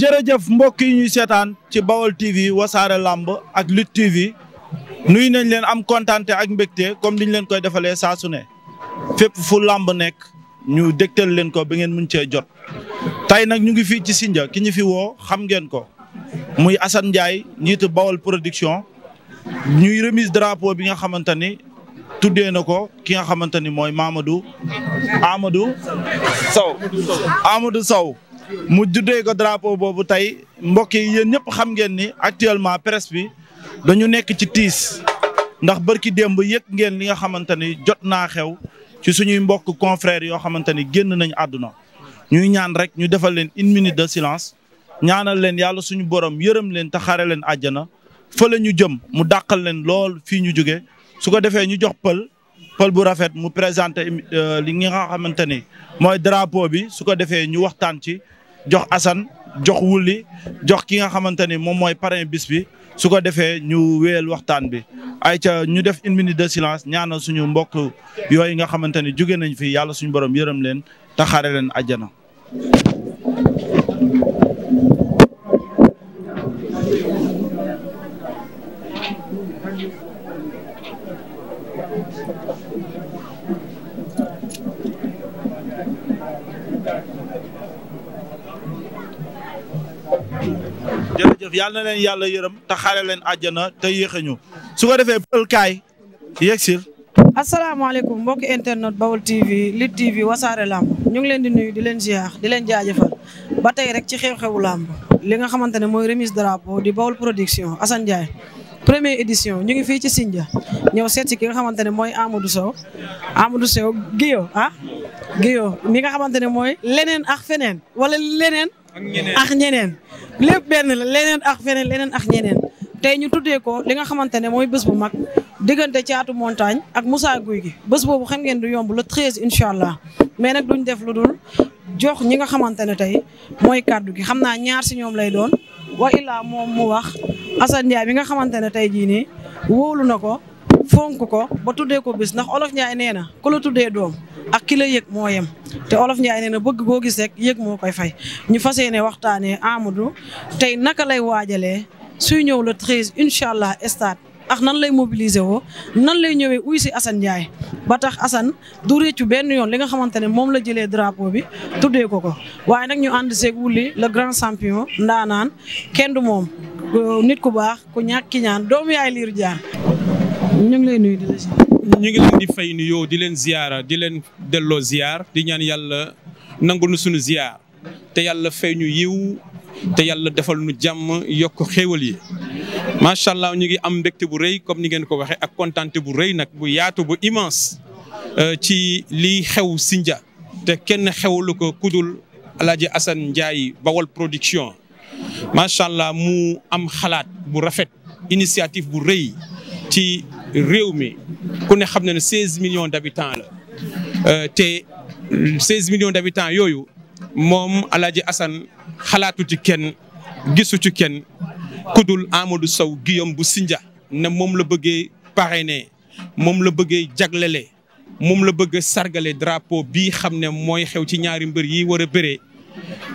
jërëjëf mbokk yi ñuy seetaan ci Bawol TV wasaare làmb ak Lutte TV nuyu nañ leen am kontante ak mbégte comme niñ leen koy defalee saa su ne fépp fu làmb nekk ñu dégtal leen ko ba ngeen mun cee jot. tey nag ñu ngi fii ci Sindia ki ñu fi woo xam ngeen ko muy Assane Ndiaye njiitu Bawol production ñuy remise drapeau bi nga xamante ni tuddee na ko ki nga xamante ni mooy Mamadou Amadou Sow amadu Sow. mu juddee ko drapeau boobu tey mbokk yi yéen ñëpp xam ngeen ni actuellement presse bi dañu nekk ci tiis ndax bërki démb yëg ngeen li nga xamante ni jot naa xew ci suñuy mbokk confrères yoo xamante ni génn nañ àdduna ñuy ñaan rek ñu defal leen une minute de silence ñaanal leen yàlla suñu borom yërëm leen te xare leen àjjana fa la ñu jëm mu dàqal leen lool fii ñu jóge su ko defee ñu jox pël pël bu rafet mu présenté euh, li nga xamante ni mooy drapeau bi ñu waxtaan ci jox Assane jox wulli jox ki nga xamante ni moom mooy parrain bis bi su ko defee ñu wéyal waxtaan bi ay ca ñu def une minute de silence ñaanal suñu mbokk yooyu nga xamante ni jóge nañ fi yàlla suñu borom yërëm leen te xaare leen àjjana jërëjëf yal na leen yàlla yërëm te xaare leen àjjana te yéex a su ko defee bël kaay yegsil asalaamaaleykum mbokki internet Baol TV Lutte TV wasaare lamb ñu ngi leen di nuyu di leen ziar di leen jaajëfal ba tey rek ci xew-xewu lamb li nga xamante ne mooy remise drapeau di Baol production Assane premier première édition ñu ngi fii ci Sindia ñëw seet ki nga xamante ne mooy Amadou Sow Amadou Sow Guèye ah Guèye mi nga xamante mooy leneen ak feneen wala leneen ak ñeneen lépp benn la leneen ak feneen leneen ak ñeneen tey ñu tuddee ko li nga xamante ne mooy bés bu mag diggante caatu montagne ak Moussa Guy gi bés boobu xam ngeen du yomb le treize incha allah mais nag duñ def lu dul jox ñi nga xamante ne tey mooy kàddu gi xam naa ñaar si ñoom lay doon wa illaa moom mu wax Assane bi nga xamante ne tey jii nii wóolu na ko fonk ko ba tuddee ko bis ndax olof Ndiaye nee na ku la tuddee doom ak ki la yëg moo yem te olof Ndiaye nee na bëgg boo gis rek yëg moo koy fay ñu fas yéene waxtaanee Amadou tey naka lay waajalee suy ñëw la 13 incha allah stade ak nan lay mobiliser woo nan lay ñëwee uy si Assane Ndiaye ba tax Assane du réccu benn yoon li nga xamante ne moom la jëlee drapeau bi tuddee ko ko waaye nag ñu ànd seeg wulli le grand champion ndaanaan kenn du moom nit ku baax ku ñàkk ki ñaan doomu ñu ngi lay di la ñu ngi leen di di leen ziyaara di leen delloo ziyaar di ñaan yàlla nangu nu suñu ziyaar te yàlla fay ñu yiw te yàlla defal nu jàmm yokk xéewal yi macha allah ñu ngi am mbégte bu rëy comme ni ngeen ko waxee ak kontaante bu rëy nag bu yaatu bu immense euh, ci liy xew Sindia te kenn xewlu ko kudul Alaaji Assane Ndiaye Bawol production macha allah mu am xalaat bu rafet initiative bu rëy ci réew mi ku ne xam na ne 16 millions d' habitants la euh, te 16 million d' habitants yooyu moom Alaaji Assane xalaatu ci kenn gisu ci kenn kudul Amadou Sow Guillaume bu Sinja na moom la bëggee parrainer moom la bëggee jaglele moom la bëgg sargale drapeau bi xam ne mooy xew ci ñaari mbër yi war a bëree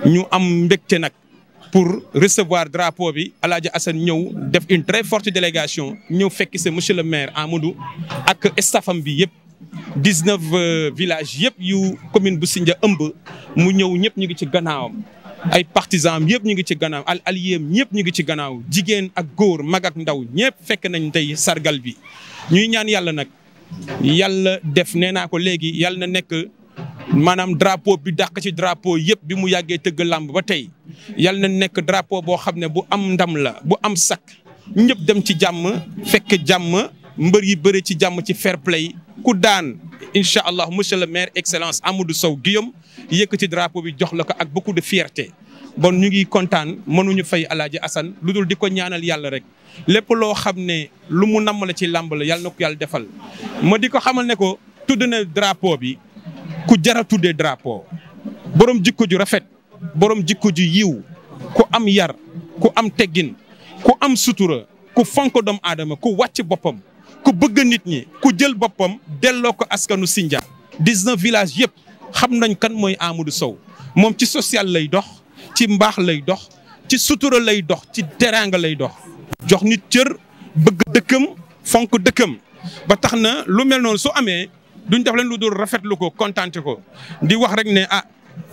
ñu am mbégte nag pour recevoir drapeau bi El Hadj Assane ñëw def une très forte délégation ñëw fekk sa monsieur le maire Amadou ak staffam bi yëpp. 19 euh, villages yëpp yu commune bu Sindia ëmb mu ñëw ñëpp ñu ngi ci gannaawam ay partisans am yëpp ñu ngi ci gannaaw al alliés am ñëpp ñu ngi ci gannaaw jigéen ak góor mag ak ndaw ñëpp fekk nañ tey sargal bi ñuy ñaan yàlla nag yàlla def nee naa ko léegi yàlla na nekk. maanaam drapeau bi dàq ci drapeau yëpp bi mu yàggee tëgg làmb ba tey yal na nekk drapeau boo xam ne bu am ndam la bu am sakk ñëpp dem ci jàmm fekk jàmm mbër yi bëri ci jàmm ci fair play ku daan incha allah monsieur le maire excellence Amadou Sow Guillaume ci drapeau bi jox la ko ak beaucoup de fierté. bon ñu ngi kontaan mënuñu fay alaaji Assane lu dul di ko ñaanal yàlla rek lépp loo xam ne lu mu namm la ci làmb la yàlla na ko yàlla defal ma di ko xamal ne ko tudd na drapeau bi. ku jara tuddee drapeau borom jikko ju rafet borom jikko ju yiw ku am yar ku am teggin ku am sutura ku fonk doom aadama ku wàcc boppam ku bëgg nit ñi ku jël boppam delloo ko askanu Sindia. 19 villages yëpp xam nañ kan mooy Amadou Sow moom ci social lay dox ci mbaax lay dox ci sutura lay dox ci teraanga lay dox jox nit cër bëgg dëkkam fonk dëkkam ba tax na lu mel noonu su amee. duñ def leen lu dul rafetlu ko kontante ko di wax rek ne ah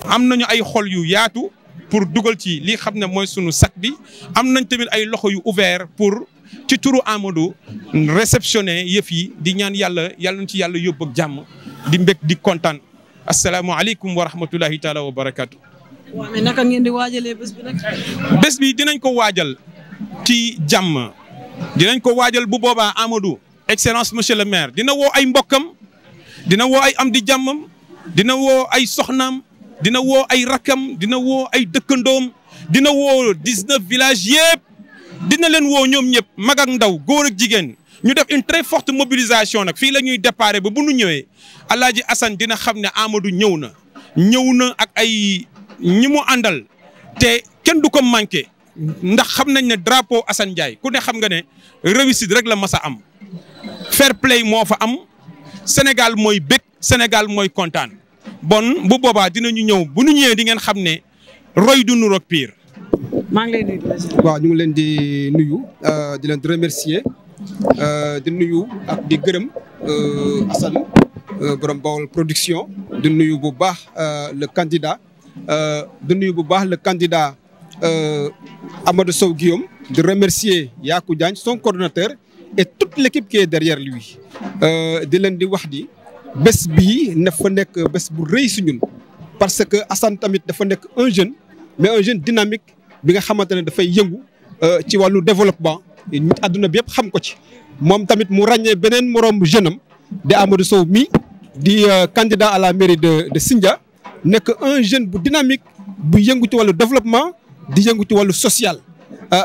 am nañu ay xol yu yaatu pour dugal ci li xam ne mooy sunu sac bi am nañ tamit ay loxo yu ouvert pour ci turu Amadou réceptionné yëf yi di ñaan yàlla yàlla nañ ci yàlla yóbbu ak jàmm di mbég di kontaan asalaamaaleykum wa rahmatulahi taala wa barakaatu. waaw mais naka ngeen di waajalee bés bi dinañ ko waajal ci jàmm dinañ ko waajal bu boobaa Amadou excellence monsieur le maire dina woo ay mbokkam. dina woo ay am di jàmmam dina woo ay soxnaam dina woo ay rakkam dina woo ay dëkkandoom dina woo dix-neuf villages yëpp dina leen woo ñoom ñëpp mag ndaw góor ak jigéen ñu def une très forte mobilisation nag fii la ñuy déparé ba bu nu ñëwee Alaaji Assane dina xam ne Amadou ñëw na ñëw na ak ay ñi mu àndal te kenn du ko manqué ndax xam nañ ne drapeau Assane ku ne xam nga ne réussite rek la mas a am fair play moo fa am Sénégal mooy bëgg Sénégal mooy kontaan bon bu boobaa dinañu ñëw bu ñu ñëwee di ngeen xam ne roy du nuroog piir maa ngi ñu ngi leen di nuyu euh, di leen di remercier euh, di nuyu di gërëm euh, Assane borom Bawol production di nuyu bu baax le candidat di nuyu bu baax le candidat Amadou Sow Guillaume di remercier Yakou Diagne son coordonnateur et toute l'équipe qui est derrière lui euh, di leen di wax di bés bi na fa nekk bés bu rëy si ñun parce que Assane tamit dafa nekk un jeune mais un jeune dynamique bi nga xamante ne dafay yëngu euh, ci wàllu développement nit àdduna bi yëpp xam ko ci moom tamit mu ràññee beneen moroom jeune am di Amadou Sow mi di euh, candidat à la mairie de de Sindia nekk un jeune bu dynamique bu yëngu ci wàllu développement di yëngu ci wàllu social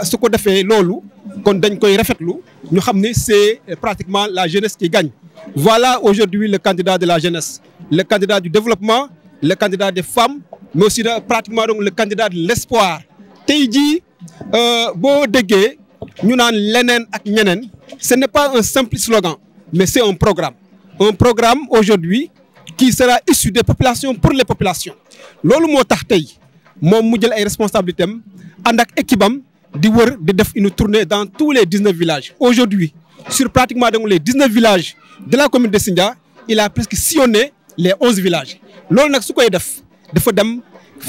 su ko defee loolu kon dañ koy rafetlu ñu xam ne c'est euh, pratiquement la jeunesse qui gagne voilà aujourd'hui le candidat de la jeunesse le candidat du développement le candidat des femmes mais aussi pratiquement donc le candidat de l'espoir tey jii euh, boo déggee ñu naan leneen ak ñeneen ce ne pas un simple slogan mais c'est un programme un programme aujourd'hui qui sera issu des populations pour les populations loolu moo tax tey moom mu jël ay responsabilités am ànd ak équipem di wër di def une tournée dans tous les dix-neuf villages aujourd'hui sur pratiquement donc les dix-neuf villages de la commune de Sindia il a presque les onze villages loolu nag su koy def dafa dem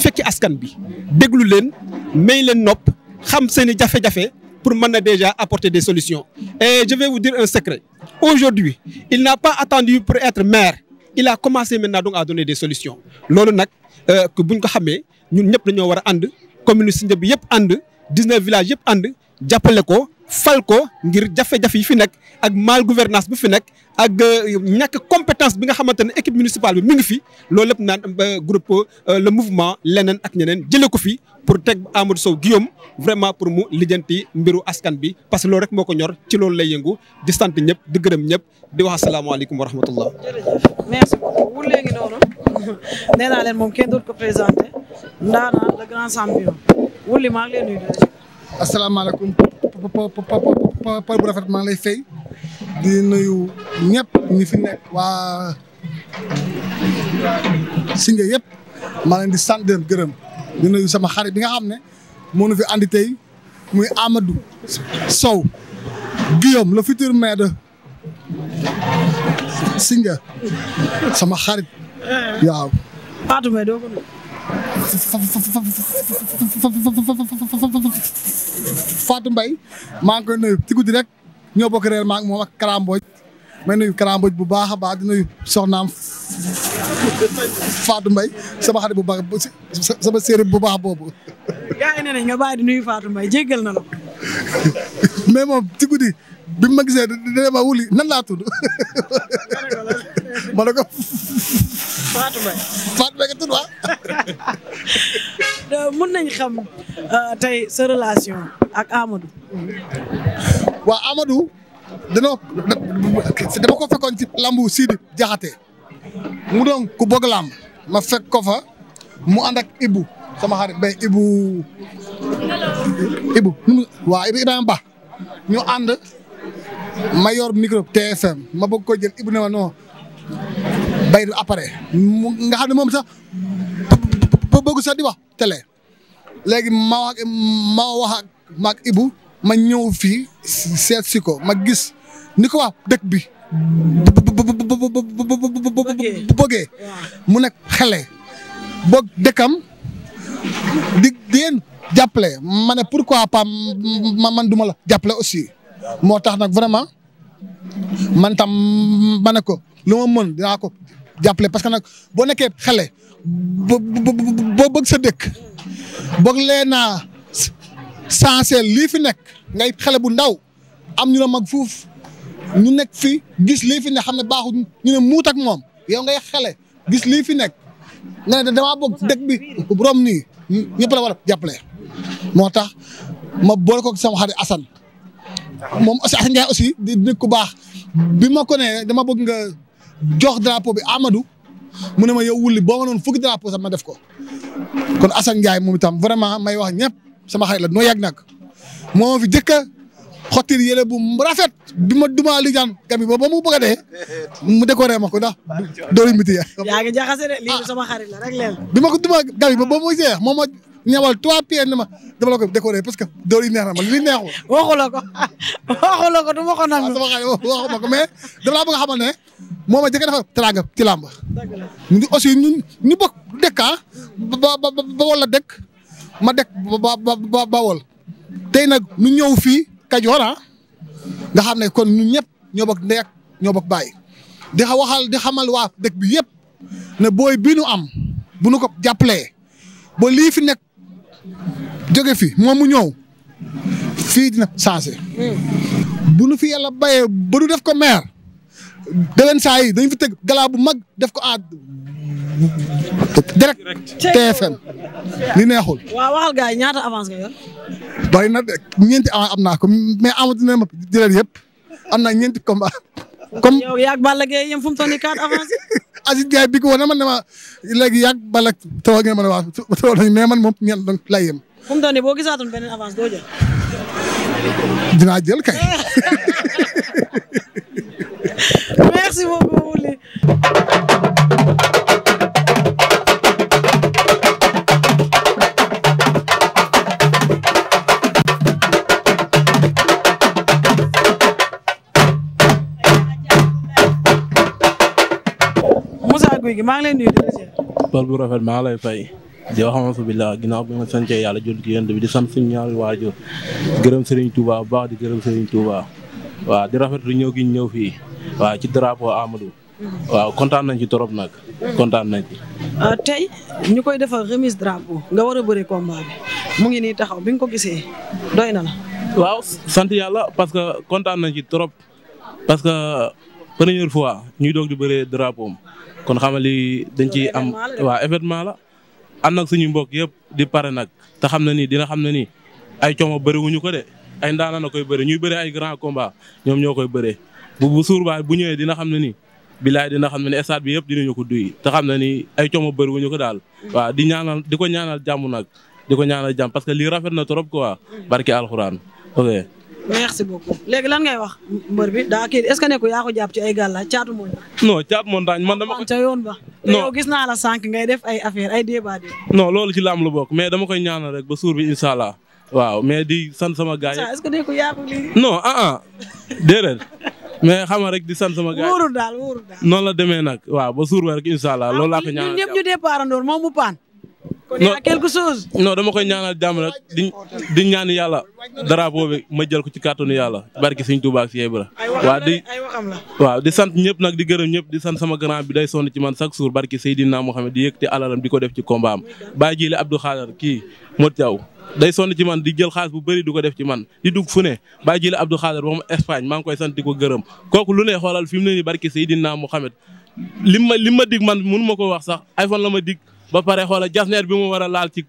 fekki askan bi déglu leen may leen nopp xam seen i jafe-jafe pour mën na déjà apporter des solutions et je vais vous dire un secret aujourd'hui il n'a pas attendu pour être maire il a commencé maintenant donc à donner des solutions loolu nag euh, buñ ko xamee ñun ñëpp dañoo war a ànd commune Sindia bi yëpp ànd 19 village yëpp ànd jàppale ko fal ko ngir jafe-jafe yi fi nekk ak mal gouvernance bi fi nekk ak euh, ñàkk compétence bi nga xamante ne équipe municipale bi mi ngi fi lool lépp naan euh, groupe euh, le mouvement leneen ak ñeneen jëlee ko fi pour teg Amadou Sow Guillaume vraiment pour mu lijjanti mbiru askan bi parce que lool rek moo ko ñor ci loolu lay yëngu di sant ñëpp di gërëm ñëpp di wax asalaamaaleykum wa rahmatullah. jërëjëf merci Wouly maa ngi lay nuyu. asalaamaaleykum par bu rafet maa ngi lay fay di nuyu ñëpp fi nekk waa Singe yëpp maa leen di sant leen gërëm di sama xarit bi nga xam ne moo nu fi andi tey muy Amadou Sow Guillaume le futur maire de sama xarit waaw. Fatou Mbaye maa ngi koy nuyu ci guddi rek ñoo bokk reer maa ngi moom ak Karamboj may nuyu Karamboj bu baax a baax di nuyu soxnaam Fatou Mbaye sama xarit bu baax sama séeréer bu baax boobu. gaa yi di nuyu Fatou Mbaye jéggal na la mais moom ci guddi bi ma gisee dina ma wuli nan laa tudd. ma ne Fatou Mbaye Fatou Mbaye nga tudd waaw. Euh, mën nañ xam euh, tey sa relation ak Amadou. waaw Amadou danoo dama ko fekkoon ci lambu Sidi Jaxate mu doon ku bëgg làmb ma fekk ko mu ànd ak Ibou sama xarit bay Ibou Ibou waaw Ibou Ibrahima Ba ñu ànd ma yor TFM ma bëgg ko jël Ibou ne ma non bay du appareil nga xam ne moom sax bëggu sax di wax télé léegi ma wax ma wax ak maag ma ñëw fii seet si ko ma gis ni ko wax dëkk bi bëggee mu nekk xele boog dëkkam di di yéen jàppale ma ne pourquoi pas ma man duma la jàppale aussi moo tax nag vraiment man tam ne ko lu ma mën dinaa ko jàppale parce que nag boo nekkee xale boo bëgg sa dëkk bëgg leen a sensé lii fi nekk ngay xale bu ndaw am ñu la mag fuuf ñu nekk fi gis lii fi ne xam ne baaxul ñu ne muut ak moom yow ngay xale gis lii fi nekk nga ne damaa bëgg dëkk bi rom nii ñëpp la war a jàppale moo tax ma boole ko sama xarit Assane moom aussi Assane Ndiaye aussi di nit ku baax bi ma ko nee dama bëgg nga. jox drapeau bi Amadou mu ne ma yow wulli boo ma noonu fukki drapeau sax ma def ko. kon Assane Ndiaye moom itam vraiment ma wax ñëpp sama xarit la noo yàgg nag fi jëkk a xottil yële bu rafet bi ma dumaa li jaan gami ba mu bëgg a mu décoré ma ko ndax dóori miti yaa ah. bi ma ko dumaa gami ba ba mu jeex moom ñawal trois pièces ne ma dama la ko que dóor yi neex na ma li neexul. waxu la ko waxu la ko du ma ko ma ko mais dama la bëgg a xamal ne moom a jëkk dafa teraanga ci làmb. ñu aussi ñu ñu bokk dëkk ah ba ba ba wala ma dëkk ba ba tey nag nu ñëw fii Kajoor ah, nga xam ne kon ñun ñëpp ñoo bokk ndey ak ñoo bokk bàyyi di xa waxal di xamal waa dëkk bi yëpp ne booy bi nu am bu nu ko jàppalee ba lii fi nekk. jóge fi moom mu ñëw fii dina changé. bu nu fi yàlla baye badu def ko maire déwén saa dañ fi teg galaa bu mag def ko à direct TFM li neexul. waa waxal gars yi ñaata avance nga yor. bari na ñeenti avance am naa ko mais amatu na ma di leen yëpp am na ñeenti combat. comme yow yaa ngi Balla Gaye yem fu mu toll nii carte avancé. Aziz Ndiaye bi ko woon man dama léegi yaa ngi Balla taw ngeen mën a wax taw nañ mais man moom ñenn donc lay beneen avance doo jël. dinaa kay. merci beaucoup. gi maa leen di bu rafet maa lay fay. di wax ma fi billah ginnaaw bi ma sante yàlla jël ci yéen bi di gërëm Serigne Touba bu baax di gërëm Serigne Touba waaw di rafetlu ñëw gi ñëw fii waaw ci drapeau Amadou. waaw kontaan nañ ci trop nag kontaan nañ ci. Euh, ñu koy defal remise drapeau war bëri combat bi mu ngi nii taxaw bi nga ko gisee doy na waaw sant yàlla parce que kontaan nañ ci trop parce que première fois ñuy doog di bëree drapeau kon xam nga lii dañ ciy am waa événement la am nag suñu mbokk yëpp di pare nag te xam na ni dina xam na ni ay coomo bëri wuñu ko de ay ndaana na koy bëri ñuy bëri ay grand combat ñoom ñoo koy bëree bu bu suur bu ñëwee dina xam ne ni bilaay dina xam ne ni stade bi yëpp dinañu ko duy te xam na ni ay coomo bëri wuñu ko daal waa di ñaanal di ko ñaanal jàmm nag di ko ñaanal jàmm parce que lii rafet na trop quoi mm. barki alxuraan ok merci beaucoup léegi lan ngay wax mbër bi daa kii est que nekkul yaa ko jàpp ci ay gàllaaj caatu montagne. non caatu montagne man dama ko ca yoon ba. non yow gis ngay def ay affaire ay débat débat. non loolu ci laam lu bokk mais dama koy ñaanal rek ba suur bi incha waaw mais di sant sama gars yi. est ko lii. non ah ah déedéet mais xam rek di sant sama gars yi daal wóorul noonu la demee nag waaw ba suur ba rek incha allah loolu laa ko ñaanal ñun ñu départ andoor moom mu paan. non quelque chose. non dama koy ñaanal jàmm rek di di ñaan yàlla drapeau bi ma jël ko ci kàttanu yàlla barki sëñ Tuubaa ak Seex Ibra waaw di waaw di sant ñëpp nag di gërëm ñëpp di sant sama grand bi day sonn ci man chaque jour barki Seydina Mohamed di yëkkati alalam di ko def ci combat am bàyyi jili Abdou Khader kii Modou Thiaw day sonn ci man di jël xaalis bu bëri di ko def ci man di dugg fu ne bàyyi jili Abdou Khader ba mu Espagne maa ngi koy sant di ko gërëm kooku lu ne xoolal fi mu ne nii barki Seydina Mohamed li ma li ma dig man mënu ko wax sax iPhone la ma dig ba pare xoolal jasneer bi mu war a laal ci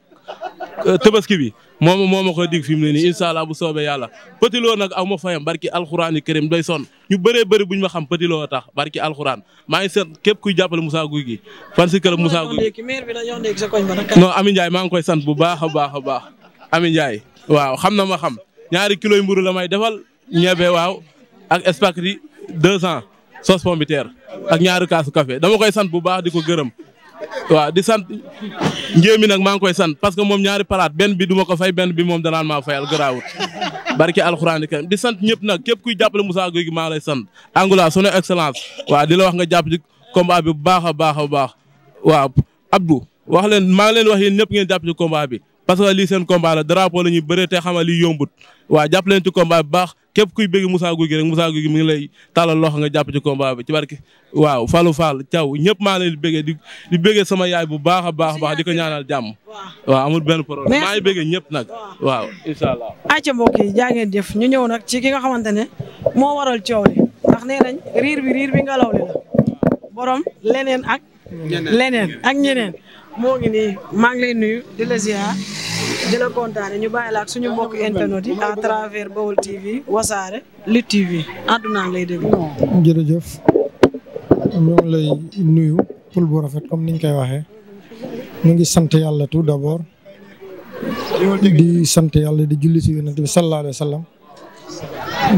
euh, tabaski bi moom moo ma koy dig fi mu ne nii incha allah bu soobee yàlla Petit Lo nag aw ma fayam barki alxuraani karim day son ñu bëree bëri buñ ma xam Petit Lo tax barki alxuraan ma ngi seet képp kuy jàppale Moussa Guy gi fan si kër Moussa Guy non Amin Ndiaye maa ngi koy sant bu baax a baax a baax Amin waaw xam na ma xam ñaari kilo yu mburu la may defal ñebe waaw ak espaghetti deux cents sauce pomme ak ñaari kaasu café dama koy sant bu baax di ko gërëm waaw di sant njéemi nag maa ngi koy sant parce que moom ñaari palaat benn bi duma ko fay benn bi moom danaan maa fayal garaawut barki alxuraan karim di sant ñëpp nag képp kuy jàppale Moussa Gueye gi maa lay sant Angoula sunu excellence waa di la wax nga jàpp ci combat bi bu baax a baax a baax waaw Abdou wax leen maa ngi leen wax yéen ñëpp ngeen jàpp ci bi parce que lii seen la drapeau la ñuy bëree te xamal lii yombut waa jàpp leen ci combat bu baax képp kuy bëgg Moussa Gouye Gui rek Moussa Gouye Gui mi ngi lay tàllal loxo nga jàpp a combat bi ci barke waaw Fallou Fall Thiaw ñëpp maa leen di bëggee di sama yaay bu baax a baax baax di ko ñaanal jàmm waaw amul benn problème maa ngi bëggee nag waaw incha allah acca yi jaa ngeen jëf ñu ñëw nag ci ki nga xamante moo waral coow li ndax nee riir bi riir bi ngelaw li la borom leneen ak leneen moo ngi nii maa ngi lay nuyu di la ziar di kontaane ñu bàyyi la suñu mbokk internet yi à travers Baol wasaare li TV àdduna lay déglu. jërëjëf ñoo lay nuyu pul bu rafet comme niñ koy waxee ñu ngi sant yàlla tout d'abord di sant yàlla di julli ci yonent bi sallallahu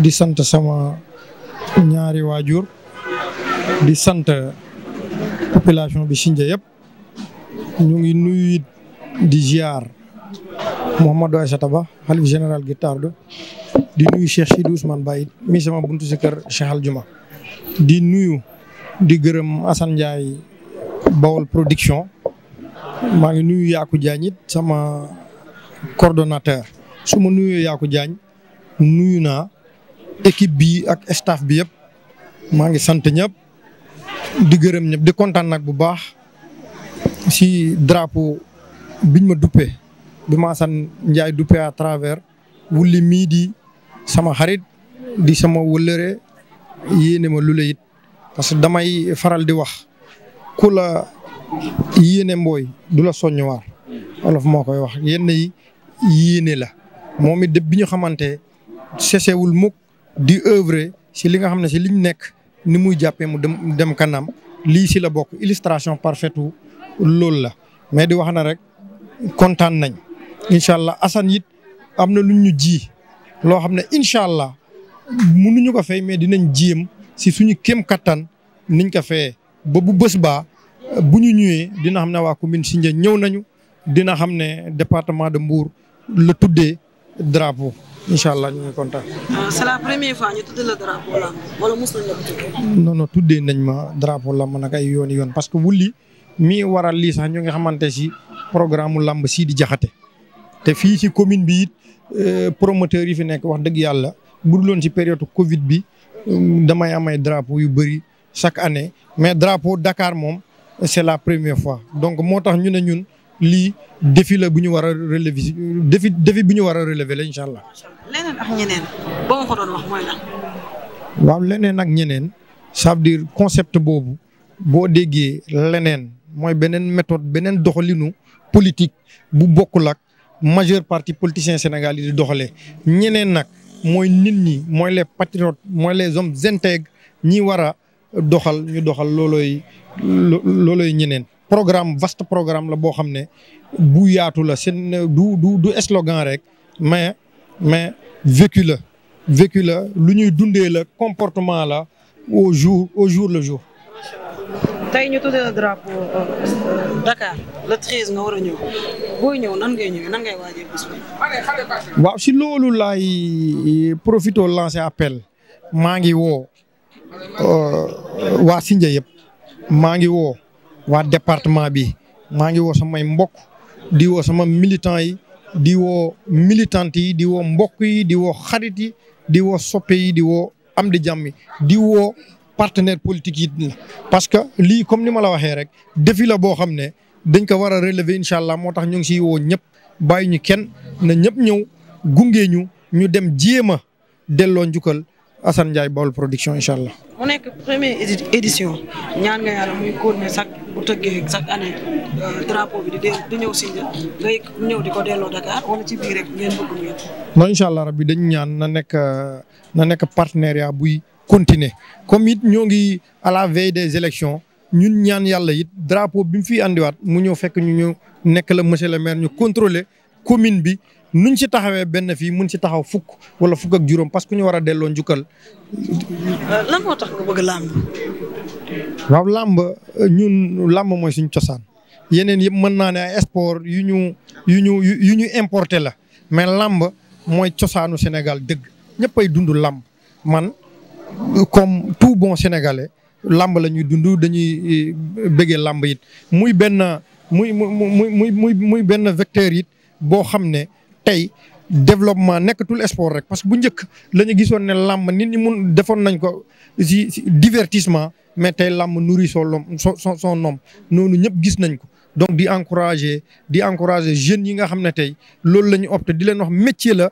di sant sama ñaari waajur di sant population bi Sindia yëpp. ñu ngi nuyu di giar Mouhamadou Aïssata Ba xalif général Guettardo di nuyu Cheikh Sidi Ousmane Ba it mi sama buntu si kër Aljuma di nuyu di gërëm Assane Ndiaye Bawol production maa ngi nuyu Yaaku Diagne sama coordonnateur su ma nuyoo Yaaku Diagne nuyu naa équipe bi ak staff bi yëpp maa ngi sant ñëpp di gërëm ñëpp di kontaan nag bu baax. si drapeau biñ ma duppee bi ma Assane Ndiaye duppee à travers wulli mii di sama xarit di sama wëllëre yéene ma lu la it parce que damay faral di wax ku la yéene mbooy du la soññuwaar olof moo koy wax yenn yi yéene la moom it bi ñu xamante wul mukk di œuvrer si li nga xam ne si liñ nekk ni muy jàppee mu dem dem kanam lii si la bokk illustration parfaite loolu la mais di wax na rek kontaan nañ incha allah Assane it am na lu ñu ji loo xam ne incha allah mënuñu ko fay mais dinañ jéem si suñu kéem kattan niñ ko fayee ba bu bés baa bu ñu ñëwee dina xam ne waa commune Sindian ñëw nañu dina xam ne département de Mbour la tuddee drapeau incha allah ñu ngi kontaan. Ah, c'est tuddee la nañ la ko tuddee. ma drapeau la ma nag ay yoon yoon parce que wulli mi waral lii sax ñu nga xamante si programme làmb sii di jaxate te fii ci commune bi it euh, promoteur yi fi nekk wax dëgg yàlla bu duloon ci période Covid bi euh, damay am ay drapeau yu bëri chaque année mais drapeau Dakar moom c'est la première fois donc moo tax ñu ne ñun lii défi bu ñu war a relever défi défi bu ñu war a relever la incha allah. leneen ak ñeneen ba ma concept boobu boo déggee leneen. mooy beneen méthode beneen doxalinu politique bu bokkul ak majeure partie politiciens Sénégal yi di doxalee. ñeneen nag mooy nit ñi mooy les patriotes mooy les hommes intègres ñi war a doxal ñu doxal loolooy loolooy ñeneen. programme vaste programme la boo xam ne bu yaatu la seen du du du slogan rek mais mais vécu la vécu la lu ñuy dundee la comportement la au jour au jour le jour. tey ñu tuddee la drapeau euh, Dakar le treize nga war a ñëw booy ñëw nan ngay ñëwee nan ngay waajee bés si loolu laay euh, profito lancé appel maa ngi woo euh, waa Sinja yëpp maa ngi woo waa département bi maa ngi woo samay mbokk di woo sama militant yi di woo militante yi di woo mbokk yi di woo xarit yi di woo soppe yi diwoo am di jàmm yi di woo. partenaire politique yi parce que lii comme ni ma la waxee rek défi la boo xam ne dañ ko war a relever incha allah moo tax ñu ngi siy woo ñëpp bàyyi ñu kenn na ñëpp ñëw gunge ñu ñu dem jéem a delloo njukkal Assane Ndiaye Baol production incha allah. mu nekk euh, bi di rabbi dañu ñaan na nekk na nekk partenariat buy. continuer comme it ñoo ngi à la veille des élections ñun ñaan yàlla it drapeau bi mu fiy andiwaat mu ñëw fekk ñu ñu nekk la monsieur le maire ñu contrôler commune bi nuñ ci taxawee benn fii mun ci taxaw fukk wala fukk ak juróom parce que ñu war a delloo njukkal. Euh, lan moo làmb. ñun làmb mooy suñ cosaan yeneen yëpp mën naa ne ay sport yu ñu yu ñu yu ñu importé la mais làmb mooy cosaanu Sénégal dëgg ñëppay dund làmb man. comme tout bon sénégalais làmb la ñuy dund dañuy eh, bëggee làmb yit muy benn muy muy muy muy muy benn vecteur it boo xam ne tey développement nekkatul sport rek parce que bu njëkk la ñu gisoon ne làmb nit ñi mun defoon nañ ko si divertissement mais tey làmb nourrit son son son noonu ñëpp gis nañ ko. donc di encourager di encourager jeunes yi nga xam ne tey loolu la ñu opté di leen wax métier la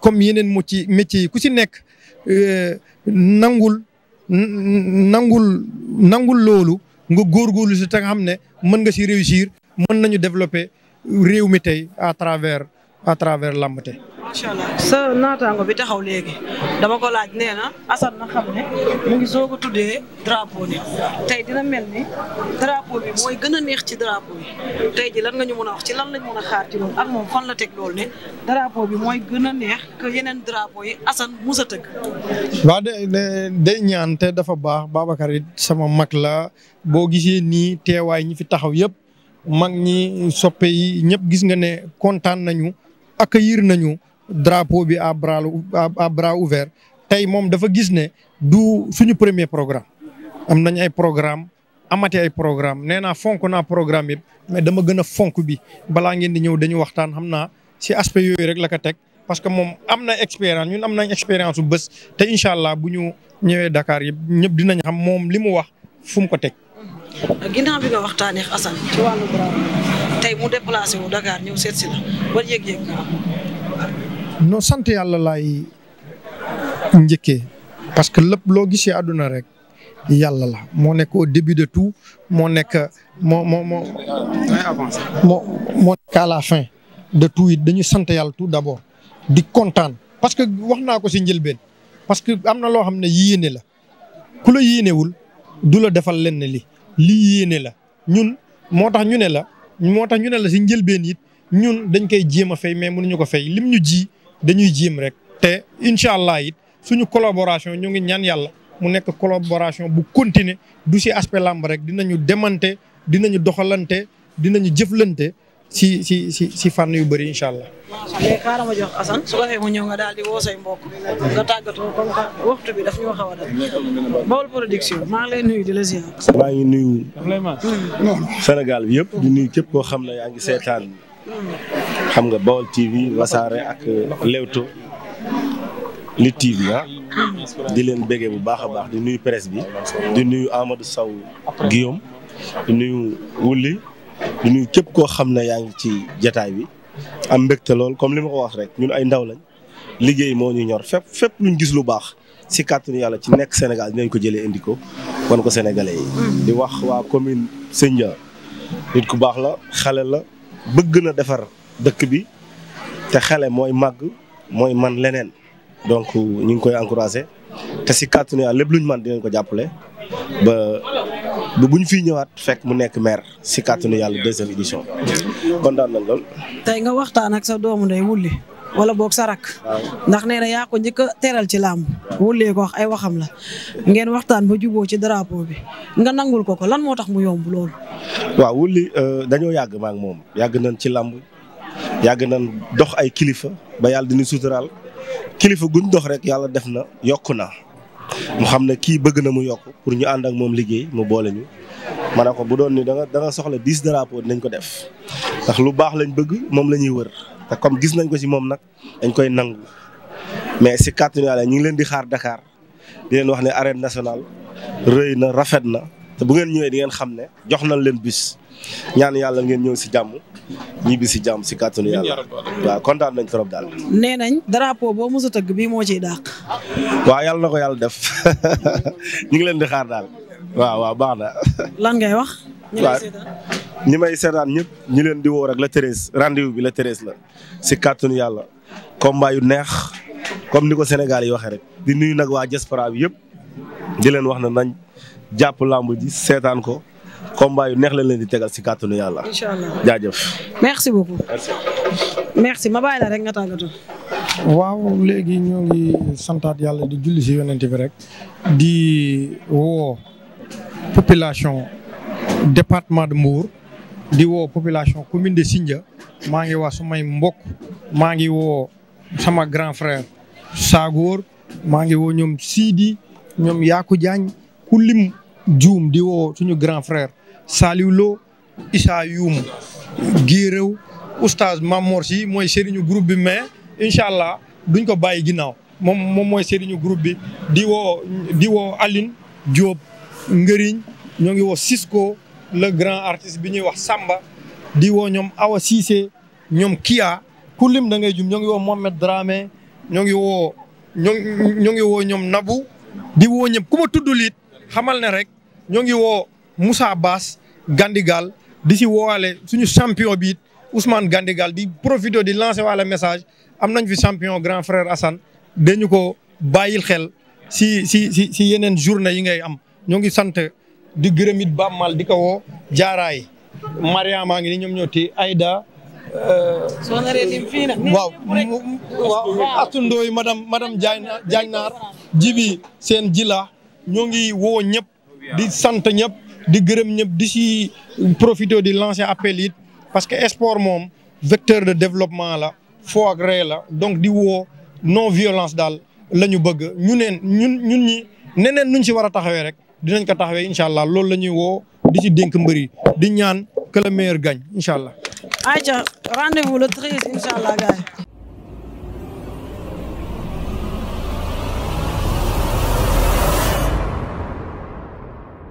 comme yeneen mu ci métier yi ku ci nekk. Euh, nangul nangul nangul loolu nga góorgóorlu si te nga xam ne mën nga si réussir mën nañu développer réew mi tey à travers à travers Lambte. macha allah sa naataango bi taxaw léegi dama ko laaj nee na Assane na xam ne mu ngi soog a tuddee drapeau bi tey dina mel ni drapeau bi mooy gën neex ci teg loolu yeneen drapeau yi Assane mus tëgg. day ñaan te dafa baax Babacar sama mag la boo gisee nii teewaay ñi fi taxaw yëpp mag ñi soppe ñépp gis nga ne kontaan nañu. accueillir nañu drapeau bi à bras à tey moom dafa gis ne du ñu premier programme am nañ ay programme amati ay programme nee naa fonk naa programme yëpp mais dama gën a fonk bi balaa ngeen di ñëw dañu waxtaan xam naa si aspect yooyu rek la ko teg parce que moom am na expérience ñun am nañ expérience bu bës te incha allah bu ñu ñëwee Dakar yi ñëpp dinañ xam moom li mu wax fu mu ko teg ginnaaw bi mu déplacé wu Dakar ñëw seet si la ban yëg-yëg nga am. non sant yàlla lay njëkke parce que lépp loo gisee àdduna rek yàlla la moo nekk au début de tout moo nekk moo moo moo moo moo la fin de tout it dañu sant yàlla tout d'abord di kontaan parce que wax naa ko si njëlbeen parce que am na loo xam ne yéene la ku la yéenewul du la defal lenn li lii yéene la ñun moo tax ñu ne la moo tax ñu ne la si njëlbeen yit ñun dañ koy jéem a fay mais mënuñu ko fay lim ñu ji dañuy jéem rek. te incha allah it suñu collaboration ñu ngi ñaan yàlla mu nekk collaboration bu continuer du si aspect làmb rek dinañu demante dinañu doxalante dinañu jëflante. si si si fànn yu bari incha allah. mais ma jox Assane su ko mu ñëw nga daal di woo mbokk nga tàggatoo comme waxtu bi daf ñoo xaw a def Baol maa ngi nuyu senegal bi yëpp di nuyu képp koo xam ne yaa ngi seetaan xam nga Baol TV Wasaare ak Leewtoo Lutte TV ah. di leen béggee bu baax a baax di nuyu presse bi di nuyu Amadou Sow Guillaume di nuyu Wuli. di nuyu képp koo xam ne yaa ngi ci jataay bi am mbégte lool comme li ma ko wax rek ñun ay ndaw lañ liggéey moo ñu ñor fépp fépp luñ gis lu baax si kàttanu yàlla ci nekk Sénégal dinañ ko jëlee indi ko wan ko sénégalais yi. Mm. di wax waa commune Sën Dia nit ku baax la xale la bëgg na defar dëkk bi te xale mooy màgg mooy man leneen donc ñu ngi koy encouragé te si kàttanu yàlla lépp luñ man dinañ ko jàppale bu buñ fi ñëwaat fekk mu nekk maire si kàttanu yàlla deuxième édition kontaan nañ lool. tey nga waxtaan ak sa doomu ndey wulli wala boog sa rak ndax nee na njëkk a teral ci làmb wullee ko wax ay waxam la ngeen waxtaan ba juboo ci drapeau bi nga nangul ko ko lan moo tax mu yomb loolu. waaw euh, dañoo yàgg ma ak moom yàgg nañ ci làmb yàgg nañ dox ay kilifa ba yàlla dina suturaal kilifa gun dox rek yàlla def na yokk na. mu xam ne kii bëgg na mu yokk pour ñu ànd ak moom liggéey mu boole ñu ma ne ko bu doon ni da nga da nga soxla dix drapeaux ko def ndax lu baax lañ bëgg moom la ñuy wër te comme gis nañ ko ci moom nag dañ koy nangu mais ci kàttanu Yàlla ñu ngi leen di xaar dakaar di leen wax ne arène national rëy na rafet na. te bu ngeen ñëwee di ngeen xam ne jox nañ leen bis ñaan yàlla ngeen ñëw si jàmm ñibbi si jàmm si kàttanu yàlla waaw kontaan nañ trop daal. nee nañ drapeau boo mos a tëgg bii moo ciy dàq. waaw yàlla na ko yàlla def ñu ngi leen di xaar daal waaw baax na. lan ngay wax. waaw ñi may seetaan ñëpp ñu leen di woo rek la Thérèse rendez bi la Thérèse la si kàttanu yàlla combat yu neex comme ni ko Sénégal yi waxee rek di nuyu nag waa diaspora bi yëpp wax na nañ. jàpp làmb ji seetaan ko combat yu neex lañ leen di tegal si kàttanu yàlla. incha allah jaajëf. merci beaucoup. merci. merci ma bàyyi la rek nga tàggatoo. waaw léegi ñoo ngi santaat yàlla di julli si yonent bi rek. di woo population département de Mbour. di woo population commune de Sindia. maa ngi waa sumay mbok maa ngi woo sama grand frère. Sagor maa ngi woo ñoom Sidi ñoom Yaaku Diagne ku lim. juum di woo suñu grand frère Saliou Lo Issa Youm Guéréw oustaz si mooy seriñu groupe bi mais incha allah duñ ko bàyyi ginnaaw moom moom mooy seriñu groupe bi di woo di Ngëriñ ñoo ngi woo Cisco le grand artiste bi ñuy wax Samba di woo ñoom Awa Cissé ñoom Kia ku lim da ngay jum ñoo ngi woo Mohamed Dramé ñoo ngi woo ñoo ñoo ngi woo ñoom Nabou di woo ñëpp ku xamal ne rek ñoo ngi woo Moussa Bass Gandigal di si woowaale suñu champion biit it Ousmane Gandigal di profité di lancé waale message am nañ fi champion grand frère Assane dañu ko bàyyil xel si si si yeneen journée yi ngay am ñoo ngi sant di gërëm it Bammal di ko woo jaaraay Mariama ngi ni ñoom ñoo ti Aïda euh, soo waaw waaw Astou Ndoye madame jibi seen jila ñoo ngi woo ñëpp di sant ñëpp di gërëm ñëpp di si profité di lancer appel it parce que esport moom vecteur de développement la foo ak ree la donc di woo non violence daal la ñu bëgg ñu neen ñun ñun ñi neneen nuñ si war a taxawee rek dinañ ko taxawee incha allah loolu la ñuy woo di si dénk mbër yi di ñaan que le meilleur gagne incha allah. ayca rendez-vous le 13 incha allah gars